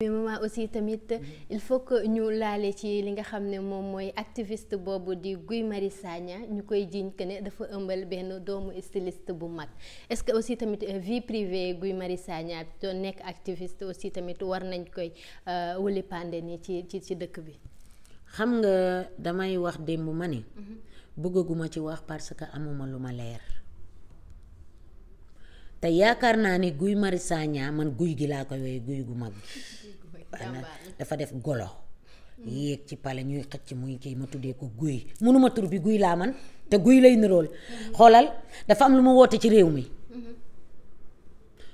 mais maman aussi tamit il faut que ñu laale ci li nga xam ne moom mooy activiste boobu di Guy Marius Sagna ñu koy jiiñ que ne dafa ëmbal benn doomu styliste bu mag est-ce que aussi tamit euh, vie privée Guy Marius Sagna doon nekk activiste aussi tamit war nañ koy euh, wuli pande ni ci ci dëkk bi xam nga damay wax démb ma ne mhm. bëggaguma ci wax parce que amuma lu ma leer te yaakaar naa ne Guy Marius Sagna man guy gi laa koy woy guy gu mag dafa def golo yéeg ci pale ñuy xëcc muy kii ma tuddee ko guy mënuma tur bi guy laa man te guy lay nirool mhm. xoolal dafa am lu ma woote ci réew mi mhm.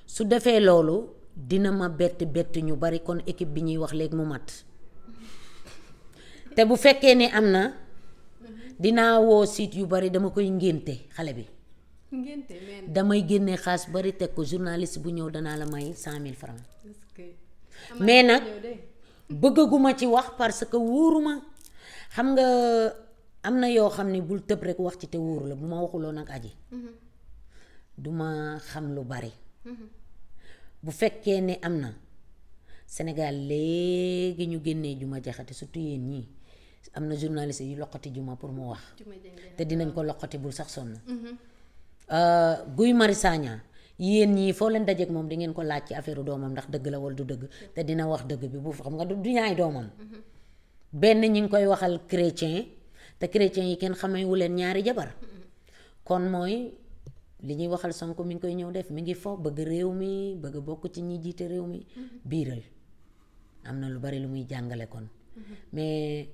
su defee loolu dina ma bett bett ñu bari kon équipe bi ñuy wax léegi mu mat mhm. te bu fekkee ni am na dinaa woo siit yu bari dama koy ngénte xale bi damay génne xaas bari teg ko journaliste bu ñëw danaa la may cent mille francs mais nag bëggaguma ci wax parce que wóoruma xam nga am na yoo xam ne bul tëb rek wax ci te wóoru la bu ma waxuloon ak aji mm-hmm. duma xam lu bari mm-hmm. bu fekkee ne am na Sénégal léegi ñu génnee juma jaxate surtout yéen nii am na journaliste yu loqati juma pour mu wax te dinañ ko loqati bul sax sonn mm-hmm. euh, Guy Marius yéen ñii foo leen dajeek moom di ngeen ko laaj ci affaire doomam ndax dëgg la wala du dëgg te dina wax dëgg bi bu xam nga du ñaay doomam mm-hmm. benn ñi ngi koy waxal chrétien te chrétien yi kenn xamee wu leen ñaari jabar mm-hmm. kon mooy li ñuy waxal Sonko mi ngi koy ñëw def mi ngi foog bëgg réew mi bëgg bokk ci ñi jiite réew mi mm-hmm. biiral am na lu bari lu muy jàngale kon mais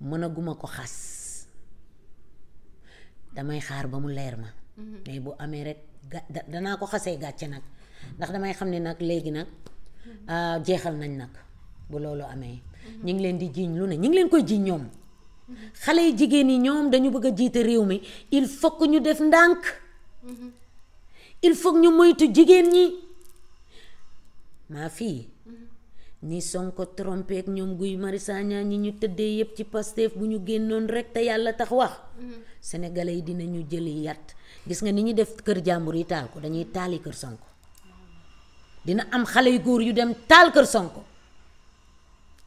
mënaguma ko xas damay xaar ba mu leer ma Mm-hmm. mais bu amee rek ga danaa ko xasee gàcce nag ndax damay xam ne nag léegi nag mm-hmm. ah, jeexal nañ nag bu loolu amee. Mm-hmm. ñu ngi leen di jiiñ lu ne ñu ngi leen koy jiiñ ñoom. xale yi jigéen yi ñoom dañu bëgg a jiite réew mi il faut ñu def ndànk. il faut ñu moytu jigéen ñi maa fii ni Sonko trompé ak ñoom Guy Marius Sagna ñi ñu tëddee yépp ci Pastef bu ñu génnoon rek te yàlla tax wax mm-hmm. sénégalais yi dina dinañu jëli yat gis nga ni ñu def kër jàmbur yi taal ko dañuy taali kër Sonko dina am xale yu góor yu dem taal kër Sonko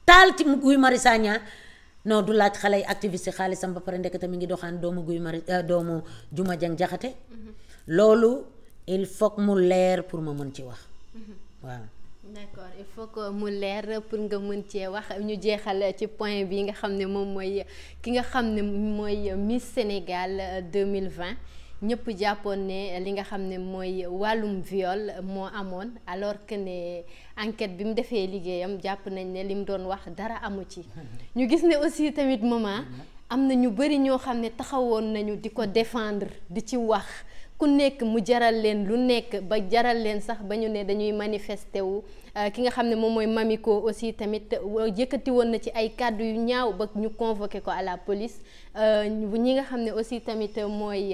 taal ci Guy Marius Sagna du laaj xale yi activiste xaalisam ba pare ndekete mi ngi doxaan doomu Guy Marius euh, doomu Juma Jeng Jaxate mm-hmm. loolu il faut mu leer pour ma mën ci wax mm-hmm. waaw d'accord il faut que mu leer pour nga mën cee wax ñu jeexal ci point bi nga xam ne moom mooy ki nga xam ne mooy Miss Sénégal 2020 ñëpp jàppoon ne li nga xam ne mooy wàllum viol moo amoon alors que ne enquête bi mu defee liggéeyam jàpp nañ ne li mu doon wax dara amu ci ñu gis ne aussi tamit moment mm-hmm. am na ñu bëri ñoo xam ne taxawoon nañu di ko défendre di ci wax ku nekk mu jaral leen lu nekk ba jaral leen sax ba ñu ne dañuy manifester wu euh, ki nga xam ne moom mooy Mamiko aussi tamit euh, yëkkati woon na ci ay kàddu yu ñaaw ba ñu convoqué ko à la police euh, ñi nga xam ne aussi tamit mooy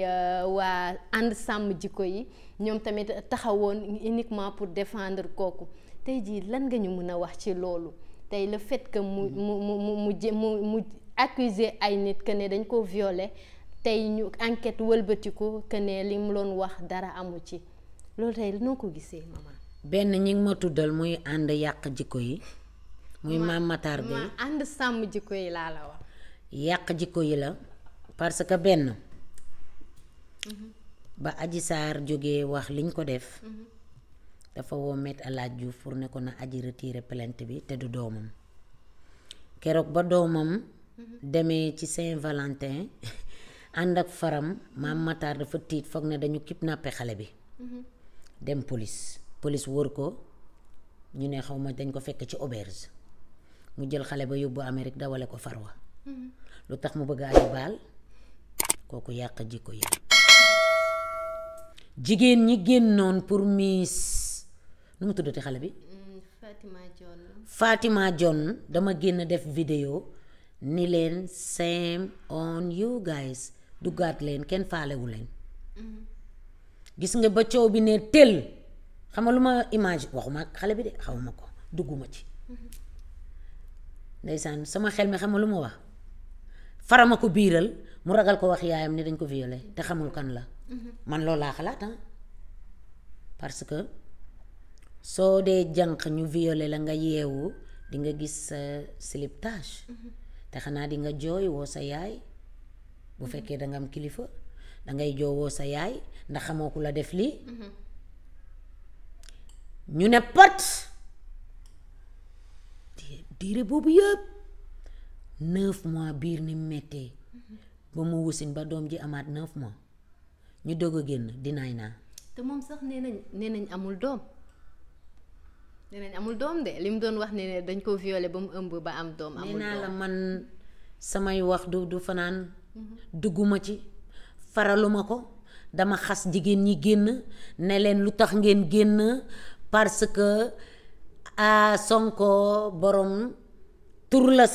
waa ànd sàmm jikko yi ñoom tamit taxawoon uniquement pour défendre kooku tey jii lan nga ñu mën a wax ci loolu tey le fait que mu mu mu mu mu mu accuser ay nit que ne dañ ko violer tey ñu enket wëlbatiku que li mu doon wax dara amu ci loolu tey noo ko gisee benn ñi ma tuddal muy ànd yàq jikko yi muy maam Matar sàmm jikko yi laa la yàq jikko yi la parce que benn mm -hmm. ba Adji Sarr jógee wax liñ ko def mm -hmm. dafa woo alaaj Diouf pour ne ko na aji retiré plainte bi te du doomam keroog ba doomam mm demee ci Saint-Valentin ànd ak faram maam Matar dafa tiit foog ne dañu kidnappé xale bi. Mhm. dem police police wër ko ñu ne xaw ma dañ ko fekk ci auberge mu jël xale ba yóbbu Amérique dawale ko farwa mhm. lu tax mu bëgg aji baal kooku yàq jikko yi jigéen ñi génnoon pour miis nu mu tuddati xale bi mm, Fatima John Fatima dama génn def vidéo ni leen same on you guys duggaat leen kenn faalewu leen gis nga ba coow bi ne tel xam nga lu ma image waxuma ak xale bi de xawma ko dugguma ci ndeysaan sama xel mi xam nga lu ma wax farama ko biiral mu ragal ko wax yaayam ni dañ ko violé te xamul kan la man loolu laa xalaat ah. parce que soo dee jànq ñu violé la nga yeewu dinga gis sa slip te xanaa di nga jooy woo sa yaay bu fekkee danga am kilifa dangay joowoo sa yaay ndax xamoo ku la def lii mm-hmm. ñu ne pat diire boobu yëpp neuf mois biir ni mettee mm-hmm. ba mu wusin ba doom ji amaat neuf mois ñu dog a génn dinaay naa te moom sax nee nañ nee nañ amul doom nee nañ amul doom de li mu doon wax ne dañ koo violé ba mu ëmb ba am doom amul doom nee naa la man samay wax du du fanaan dugguma ci faraluma ko dama xas jigéen ñi génn ne leen lu tax ngeen génn parce que a Sonko borom tur la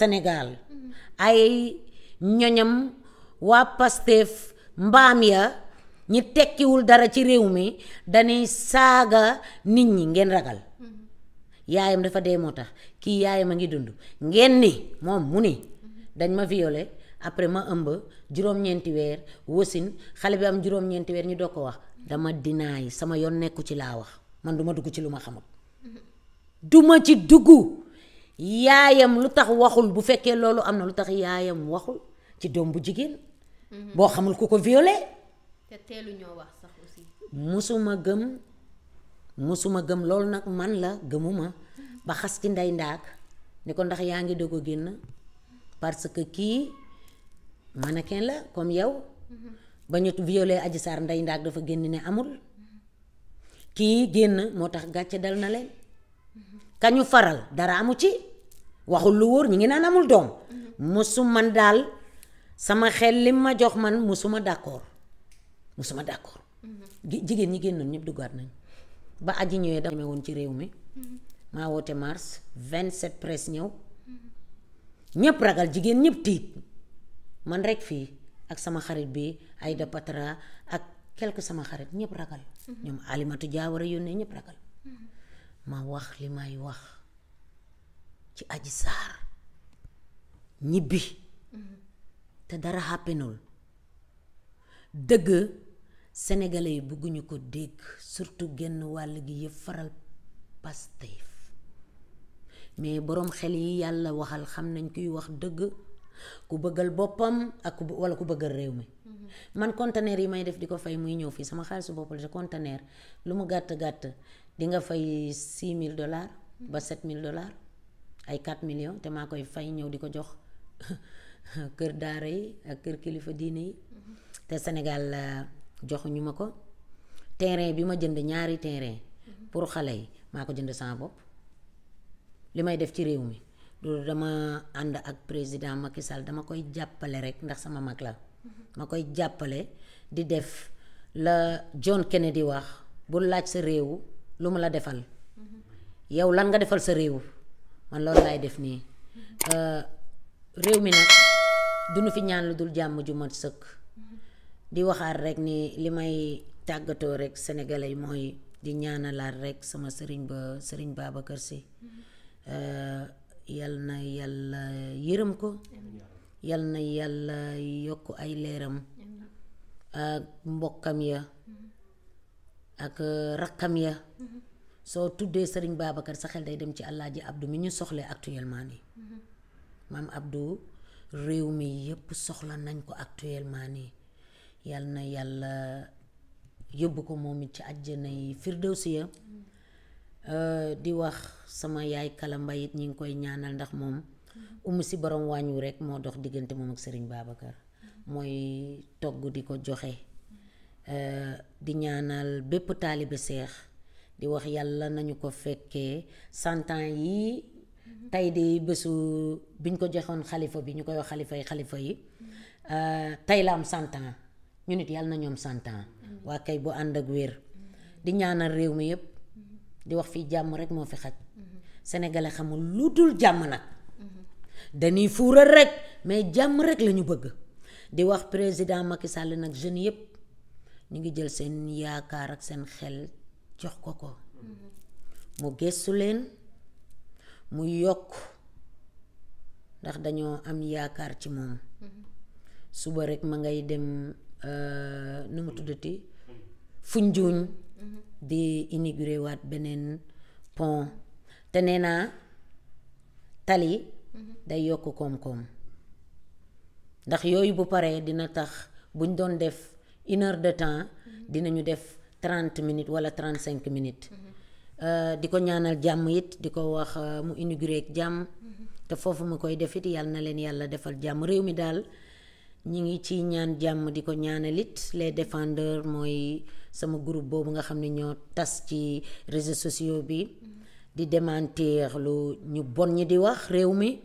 ay ñoñam waa Pastef mbaam ya ñi tekkiwul dara ci réew mi dañuy saaga nit ñi ngeen ragal yaayam dafa dee moo tax kii yaayam a ngi dund ngeen ni moom mu ni dañ ma violé après ma ëmb juróom-ñeenti weer wasin xale bi am juróom-ñeenti weer ñi doo ko wax dama dinaay sama yoon nekku ci laa wax man du ma dugg ci lu ma xamul mm-hmm. duma ci dugg yaayam lu tax waxul bu fekkee loolu am na lu tax yaayam waxul ci doom bu jigéen mm-hmm. boo xamul ku ko viole te teelu ñoo wax sax aussi musuma gëm musuma gëm loolu nag man la gëmuma ba xas ci ndey ndaak ni ko ndax yaa ngi doog a génn parce que kii kenn la comme yow. ba ñu violé Adji Sarr ndey dafa génn ne amul. kii génn moo tax gàcce dal na leen. kañu faral dara amu ci. waxul lu wóor ñu ngi naan amul doom. musu man daal sama xel lim ma jox man musuma d'accord musuma d'accord. jigéen ñi génn ñëpp duggaat nañ ba aji ñëwee dafa demee woon ci réew mi. maa woote mars 27 presse ñëw. ñëpp ragal jigéen ñëpp tiit. man rekk fii ak sama xarit bi ay patra ak quelque sama xarit ñëpp ragal. Mhm. ñoom alimatu jaawara yónnee ñëpp ragal. Mhm. ma wax li may wax ci aji saar ñibbi mhm. te dara xàppenul dëgg sénégalais yi bëgguñu ko dégg surtout genn wàll gi yëpp faral Pastef mais boroom xel yi yàlla waxal xam nañ kuy wax dëgg ku bëggal boppam ak ku wala ku bëggal réew mi. man conteneur yi may def di ko fay muy ñëw fii sama xaalisu bopp te conteneur lu mu gàtt gàtt di nga fay 6000 dollars ba 7000 dollars ay 4 million te maa koy fay ñëw di ko jox kër daara yi ak kër kilifa diine yi. te euh, jox ñu ma ko. terrain bi ma jënd ñaari terrain. pour xale yi maa ko jënd sama bopp. li may def ci réew mi. loolu dama ànd ak président Macky Sall dama koy jàppale rek ndax sama mag la ma koy jàppale di def la John di wax bul laaj sa réew lu ma la defal yow lan nga defal sa réew man loolu laay def nii euh, réew mi du duñu fi ñaan lu dul jàmm ju mat sëkk di waxaat rek nii li may tàggatoo rek sénégalais yi mooy di ñaanalaat rek sama sëriñ ba sëriñ Babacar si yal na yàlla yërëm ko yal na yàlla yokk ay leeram ak mbokkam ya ak rakkam ya soo tuddee sëriñ Babacar sa xel day dem ci ji Abdou mi ñu soxlee actuellement nii maam Abdou réew mi yépp soxla nañ ko actuellement nii yal na yàlla yóbbu ko moom it ci àjjana yi firdawsi ya Euh, di wax sama yaay kala mbayit ñi ngi koy ñaanal ndax moom umu si borom wàññu rek moo dox diggante moom ak sëriñ Babacar mooy togg di ko joxe euh, di ñaanal bépp taalibe seex di wax yàlla nañu ko fekkee santan yi tey di bésu biñ ko joxoon xalifa bi ñu koy wax xalifa yi xalifa yi euh, tey la am santan ñu nit yàlla na ñoom santan waa kay bu ànd ak wér di ñaanal réew mi yépp di wax fii jàmm rek moo fi xaj sénégalais xamul lu dul jàmm nag dañuy fuural rek mais jàmm rek la ñu bëgg di wax président Macky Sall nag jeunes yépp ñu ngi jël seen yaakaar ak seen xel jox ko ko mu gëstu leen mu yokk ndax dañoo am yaakaar ci moom suba rek ma ngay dem euh, nu mu tuddati funjuuñ Mm-hmm. di inauguré waat beneen pont te nee naa tali mm-hmm. day yokk koom-koom ndax yooyu bu paree dina tax buñ doon def une heure de temps mm-hmm. dinañu def trente minutes wala trente cinq minutes euh, di ko ñaanal jàmm yit di ko wax euh, mu inauguré ak jàmm te foofu mu koy def it yàlla na leen yàlla defal jàmm réew mi daal ñi ngi ci ñaan jàmm di ko ñaanalit les defendeur mooy sama groupe boobu nga xam ne ñoo tas ci réseaux sociaux bi di démentir lu ñu bon ñi di wax réew mi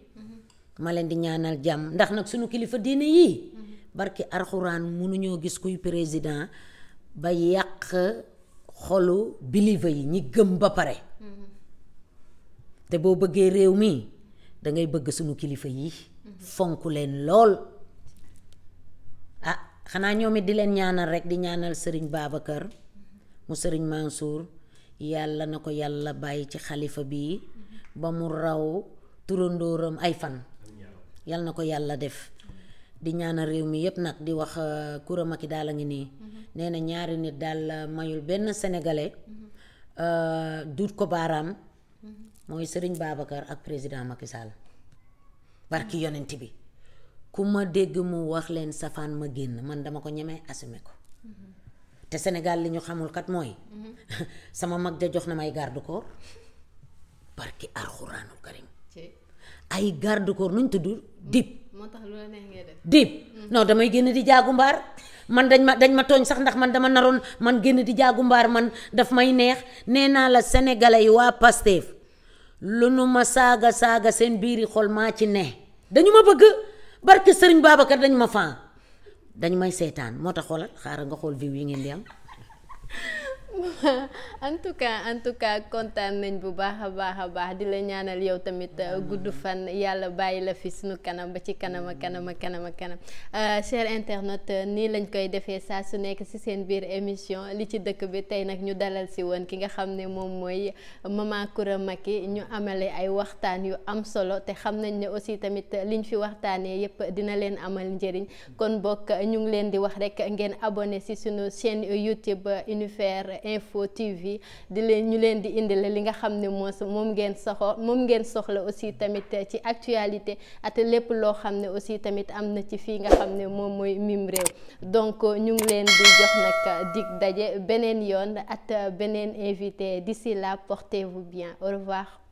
ma leen di ñaanal jàmm ndax nag suñu kilifa diine yi barki arxuraan mënuñoo gis kuy président ba yàq xolu biliva yi ñi gëm ba pare te boo bëggee réew mi dangay bëgg suñu kilifa yi fonk leen lool xanaa ñoom it di leen ñaanal rek di ñaanal sëriñ kër mu sëriñ Mansour yàlla na ko yàlla bàyyi ci xalifa bi ba mu raw turandóoram ay fan yàlla na ko yàlla def di ñaanal réew mi yépp nag di wax euh, Coura Macky daal a ngi nii nee na ñaari nit daal euh, mayul benn sénégalais euh, duut ko baaraam mooy sëriñ Babacar ak président Macky Sall barki yonent bi ku ma dégg mu wax leen safaan ma génn man dama ko ñemee assumer ko mm-hmm. te Sénégal li ñu xamul kat mooy mm-hmm. sama mag ja jox na may garde corps barki alxuraanul karim ay garde corps nuñ tudd dib mm-hmm. moo tax lu la damay génn di jaagu mbaar man dañ ma dañ ma tooñ sax ndax man dama naroon man génn di jaagu man daf may neex nee naa la senegale yi waa Pastef lu nu ma saaga saaga seen biir biiri xol maa ci ne dañu ma bëgg barke sëriñ baabakat dañ ma fan dañ may seetaan moo tax xoolal xaaral nga xool viw yi ngeen di am en tout cas en tout cas kontaan nañ bu baax a baax a baax di la ñaanal yow tamit euh, gudd fan yàlla bàyyi la fi suñu kanam ba ci kanam a kanam a kanam a kanam euh, cher internaute euh, nii lañ koy defee saa su nekk si seen biir émission li ci dëkk bi tey nag ñu dalal si woon ki nga xam ne moom mooy maman Coura Macky ñu amale ay waxtaan yu am solo te xam nañ ne aussi tamit liñ fi waxtaanee yépp dina leen amal njëriñ kon bokk ñu ngi leen di wax rek ngeen abonné si suñu chaîne YouTube Univers info TV di leen ñu leen di indile li nga xam ne moo moom ngeen soxla moom ngeen soxla aussi tamit ci actualité at lépp loo xam ne aussi tamit am na ci fii nga xam ne moom mooy mim réew donc ñu ngi leen di jox nag dig daje beneen yoon at beneen invité d'ici là portez-vous bien au revoir.